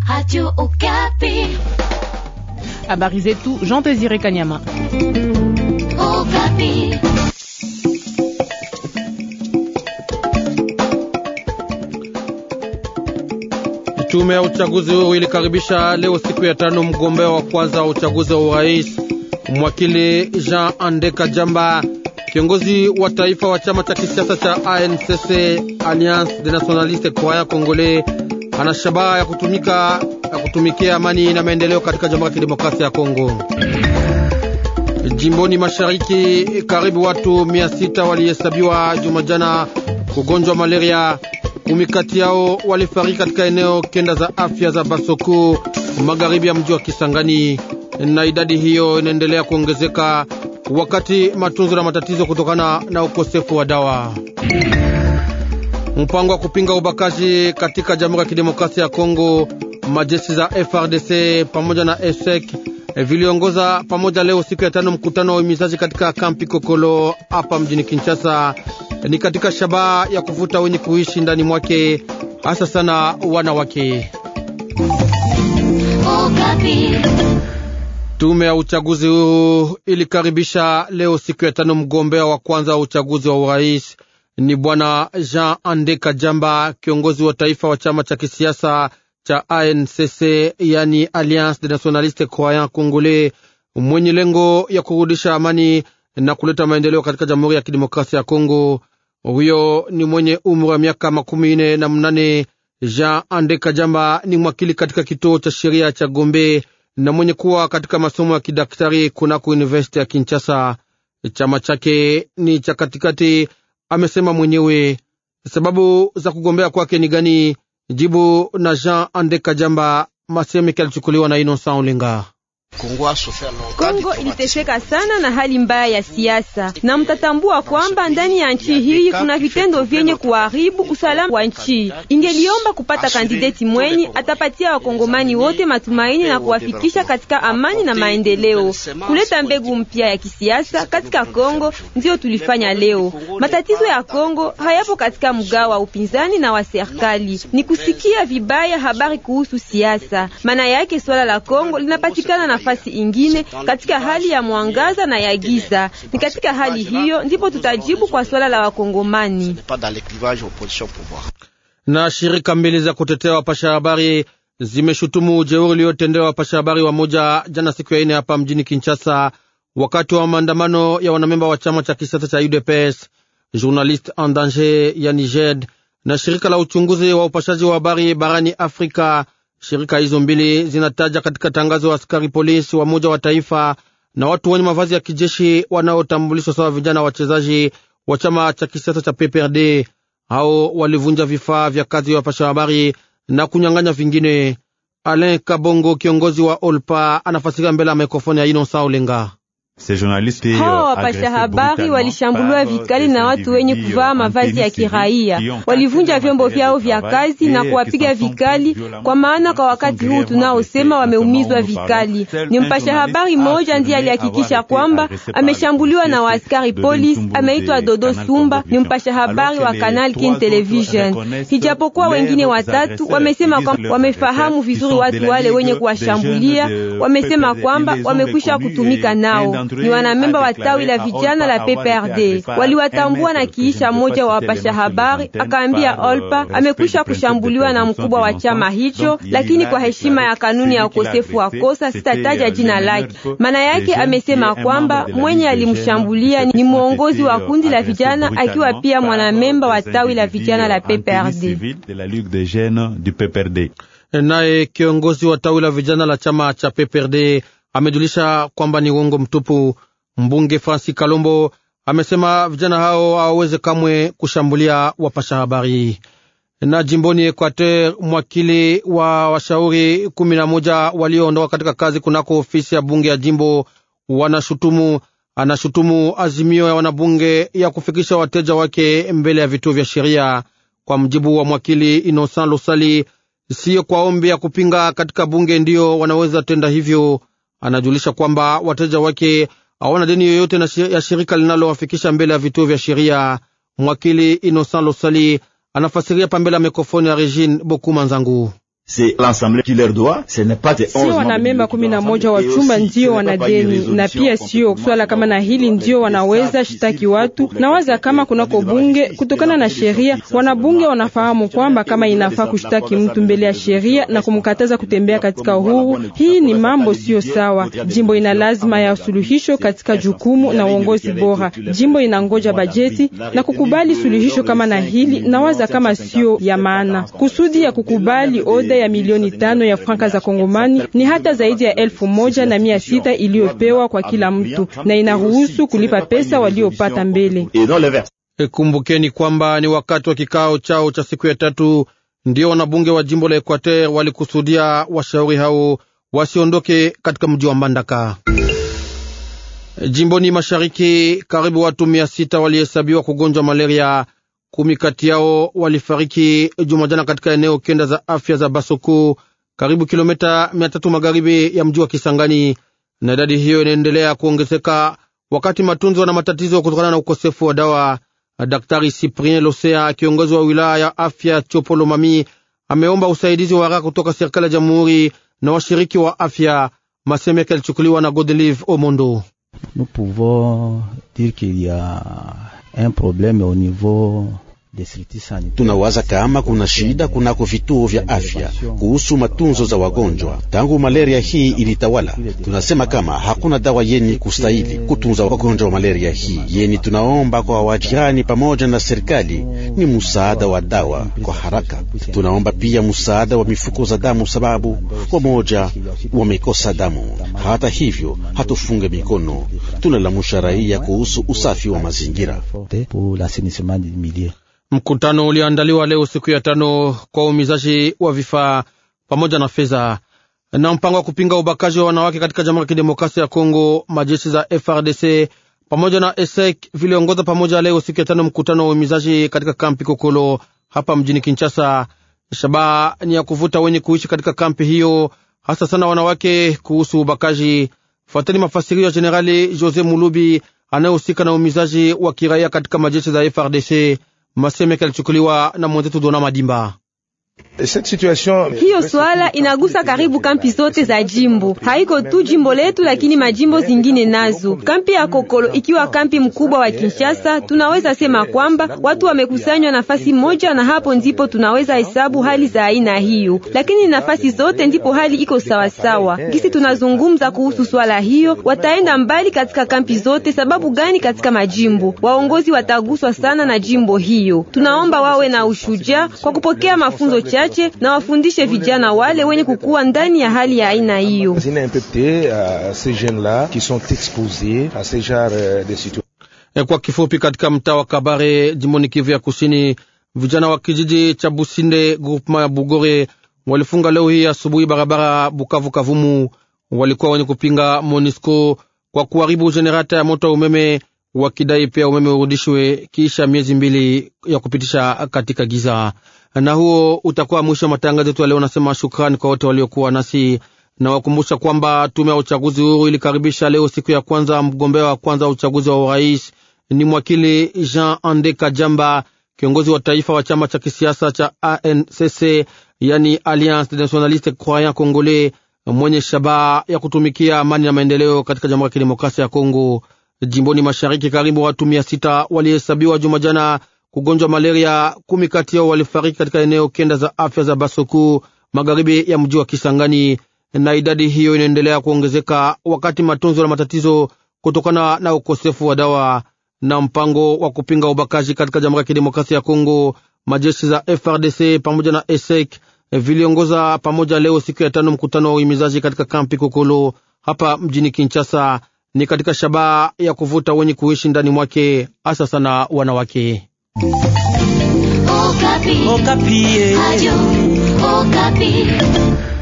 Radio Okapi. Habari zetu Jean Désiré Kanyama. Okapi. Tume ya uchaguzi huru ilikaribisha leo siku ya tano mgombea wa kwanza wa uchaguzi wa urais mwakili Jean Andeka Jamba, kiongozi wa taifa wa chama cha kisiasa cha ANCC Alliance des Nationalistes Croyants Congolais ana shabaha ya kutumika ya kutumikia amani na maendeleo katika Jamhuri ya Kidemokrasia ya Kongo. Jimboni mashariki, karibu watu mia sita walihesabiwa Jumajana kugonjwa malaria. Kumi kati yao walifariki katika eneo kenda za afya za Basoko magharibi ya mji wa Kisangani, na idadi hiyo inaendelea kuongezeka wakati matunzo na matatizo kutokana na ukosefu wa dawa. Mpango wa kupinga ubakaji katika Jamhuri ya Kidemokrasia ya Kongo, majeshi za FRDC pamoja na ESEC viliongoza pamoja leo siku ya tano mkutano wa uhimizaji katika kampi Kokolo hapa mjini Kinshasa. Ni katika shabaha ya kuvuta wenye kuishi ndani mwake hasa sana wanawake. Tume ya uchaguzi huu ilikaribisha leo siku ya tano mgombea wa kwanza wa uchaguzi wa urais ni bwana Jean Ande Kajamba, kiongozi wa taifa wa chama cha kisiasa cha ANCC, yani Alliance des Nationalistes Croyants Congolais, mwenye lengo ya kurudisha amani na kuleta maendeleo katika Jamhuri ya Kidemokrasia ya Kongo. Huyo ni mwenye umri wa miaka makumi nne na mnane. Jean Ande Kajamba ni mwakili katika kituo cha sheria cha Gombe na mwenye kuwa katika masomo ya kidaktari kunako University ya Kinshasa. Chama chake ni cha katikati amesema mwenyewe. Sababu za kugombea kwake ni gani? Jibu na Jean Andeka Jamba, masemi yalichukuliwa na Innocent Olinga. Kongo iliteseka sana na hali mbaya ya siasa, na mtatambua kwamba ndani ya nchi hii kuna vitendo vyenye kuharibu usalama wa nchi. Ingeliomba kupata kandideti mwenye atapatia wakongomani wote matumaini na kuwafikisha katika amani na maendeleo. Kuleta mbegu mpya ya kisiasa katika Kongo ndiyo tulifanya leo. Matatizo ya Kongo hayapo katika mgao wa upinzani na wa serikali, ni kusikia vibaya habari kuhusu siasa. Maana yake swala la Kongo linapatikana na nafasi ingine katika hali ya mwangaza na ya giza. Ni katika hali hiyo ndipo tutajibu kwa swala la Wakongomani. Na shirika mbili za kutetea wapasha habari zimeshutumu ujeuri uliotendewa wapasha habari wa moja jana siku ya ine hapa mjini Kinshasa wakati wa maandamano ya wanamemba wa chama cha kisiasa cha UDPS, Journaliste en Danger ya Niger na shirika la uchunguzi wa upashaji wa habari barani Afrika Shirika hizo mbili zinataja katika tangazo askari polisi wa moja wa Taifa na watu wenye mavazi ya kijeshi wanaotambulishwa sawa vijana wachezaji wa chama cha kisiasa cha PPRD. Hao walivunja vifaa vya kazi ya wapasha habari na kunyang'anya vingine. Alain Kabongo, kiongozi wa Olpa, anafasika mbele ya mikrofoni ya Inosa Olenga. Hawa ah, wapasha euh, habari walishambuliwa euh, vikali na watu wenye kuvaa mavazi ya kiraia, walivunja vyombo vyao vya kazi na kuwapiga vikali, kwa maana kwa wakati huu tunaosema wameumizwa vikali. Ni mpasha habari mmoja ndiye alihakikisha kwamba ameshambuliwa na waaskari polisi, ameitwa Dodo Sumba, ni mpasha habari wa Canal Kin Television, hijapokuwa wengine watatu wamesema kwamba wamefahamu vizuri watu wale wenye kuwashambulia, wamesema kwamba wamekwisha kutumika nao ni wanamemba wa tawi la vijana la PPRD waliwatambua, na kiisha moja wa wapasha habari akaambia uh, Olpa amekwisha kushambuliwa na mkubwa wa chama hicho, lakini kwa heshima ya kanuni ya ukosefu wa kosa sitataja jina lake. Maana yake amesema kwamba mwenye alimshambulia ni mwongozi wa kundi la vijana akiwa pia mwanamemba wa tawi la vijana la PPRD. Naye kiongozi wa tawi la vijana la chama cha PPRD amejulisha kwamba ni uongo mtupu. Mbunge Francis Kalombo amesema vijana hao hawaweze kamwe kushambulia wapasha habari. Na jimboni Equateur, mwakili wa washauri kumi na moja walioondoka katika kazi kunako ofisi ya bunge ya jimbo wanashutumu anashutumu azimio ya wanabunge ya kufikisha wateja wake mbele ya vituo vya sheria. Kwa mjibu wa mwakili Innocent Losali, siyo kwa ombi ya kupinga katika bunge ndiyo wanaweza tenda hivyo. Anajulisha kwamba wateja wake hawana deni yoyote na ya shirika linalowafikisha mbele ya vituo vya sheria. Mwakili Innocent Losali anafasiria pambele ya mikrofoni ya Regine Bokuma Nzangu sio wanamemba kumi na moja wa chumba ndio deni na pia sio swala kama na hili ndio wanaweza shitaki watu. Nawaza kama kunako bunge, kutokana na sheria, wanabunge wanafahamu kwamba kama inafaa kushitaki mtu mbele ya sheria na kumkataza kutembea katika uhuru, hii ni mambo sio sawa. Jimbo ina lazima ya suluhisho katika jukumu na uongozi bora. Jimbo inangoja bajeti na kukubali suluhisho kama na hili, nawaza kama sio ya maana kusudi ya kukubali oda faida ya milioni tano ya franka za Kongomani, ni hata zaidi ya elfu moja na mia sita iliyopewa kwa kila mtu na inaruhusu kulipa pesa waliopata mbele. E, kumbukeni kwamba ni wakati wa kikao chao cha siku ya tatu ndio wanabunge wa jimbo la Ekwater walikusudia washauri hao wasiondoke katika mji wa Mbandaka. Jimboni mashariki, karibu watu mia sita walihesabiwa kugonjwa malaria Kumi kati yao walifariki Jumajana katika eneo kenda za afya za Basoko, karibu kilomita mia tatu magharibi ya mji wa Kisangani, na idadi hiyo inaendelea kuongezeka wakati matunzo na matatizo kutokana na ukosefu wa dawa. Daktari Cyprien Losea, kiongozi wa wilaya ya afya Chopolomami, ameomba usaidizi wa haraka kutoka serikali ya jamhuri na washiriki wa afya. Masemeke alichukuliwa na Godelive Omondo. nous pouvons dire qu'il y a un problème au niveau Tunawaza kama kuna shida kunako vituo vya afya kuhusu matunzo za wagonjwa tangu malaria hii ilitawala. Tunasema kama hakuna dawa yeni kustahili kutunza wagonjwa wa malaria hii. Yeni tunaomba kwa wajirani pamoja na serikali ni msaada wa dawa kwa haraka. Tunaomba pia msaada wa mifuko za damu, sababu wamoja wamekosa damu. Hata hivyo, hatufunge mikono, tunalamusha raia kuhusu usafi wa mazingira. Mkutano uliandaliwa leo siku ya tano kwa umizaji wa vifaa pamoja na fedha na mpango wa kupinga ubakaji wa wanawake katika Jamhuri ya Kidemokrasia ya Kongo. Majeshi za FRDC pamoja na ESEC viliongoza pamoja leo siku ya tano mkutano wa umizaji katika kampi Kokolo hapa mjini Kinshasa. Shabaha ni ya kuvuta wenye kuishi katika kampi hiyo, hasa sana wanawake, kuhusu ubakaji. Fuateni mafasirio ya Jenerali Jose Mulubi anayehusika na umizaji wa kiraia katika majeshi za FRDC. Maseme alichukuliwa na mwenzetu Dona Madimba. Hiyo swala inagusa karibu kampi zote za jimbo, haiko tu jimbo letu, lakini majimbo zingine nazo. Kampi ya Kokolo ikiwa kampi mkubwa wa Kinshasa, tunaweza sema kwamba watu wamekusanywa nafasi moja, na hapo ndipo tunaweza hesabu hali za aina hiyo, lakini nafasi zote ndipo hali iko sawasawa. Gisi tunazungumza kuhusu swala hiyo, wataenda mbali katika kampi zote. Sababu gani? Katika majimbo waongozi wataguswa sana na jimbo hiyo. Tunaomba wawe na ushujaa kwa kupokea mafunzo cha wachache na wafundishe vijana wale wenye kukuwa ndani ya hali ya aina hiyo. Euh, euh, e, kwa kifupi, katika mtaa wa Kabare jimboni Kivu ya Kusini, vijana wa kijiji cha Businde grupema ya Bugore walifunga leo hii asubuhi barabara Bukavu Kavumu. Walikuwa wenye kupinga Monisco kwa kuharibu jenerata ya moto wa umeme, wakidai pia umeme urudishwe kisha miezi mbili ya kupitisha katika giza na huo utakuwa mwisho wa matangazo yetu leo. Nasema shukrani kwa wote waliokuwa nasi na wakumbusha kwamba tume ya uchaguzi huru ilikaribisha leo siku ya kwanza mgombea wa kwanza wa uchaguzi wa urais ni mwakili Jean Ande Kajamba, kiongozi wa taifa wa chama cha kisiasa cha ANCC, yani Alliance des Nationalistes Croyants Congolais, mwenye shabaha ya kutumikia amani na maendeleo katika Jamhuri ya Kidemokrasia ya Kongo. Jimboni mashariki, karibu watu mia sita walihesabiwa juma jana kugonjwa malaria, kumi kati yao walifariki katika eneo kenda za afya za Basoku magharibi ya mji wa Kisangani, na idadi hiyo inaendelea kuongezeka wakati matunzo na matatizo kutokana na ukosefu wa dawa na mpango wa kupinga ubakaji katika Jamhuri ya Kidemokrasia ya Kongo. Majeshi za FRDC pamoja na ESEC viliongoza pamoja leo siku ya tano mkutano wa uhimizaji katika kampi Kokolo hapa mjini Kinshasa, ni katika shabaha ya kuvuta wenye kuishi ndani mwake hasa sana wanawake. Okapi. Okapi.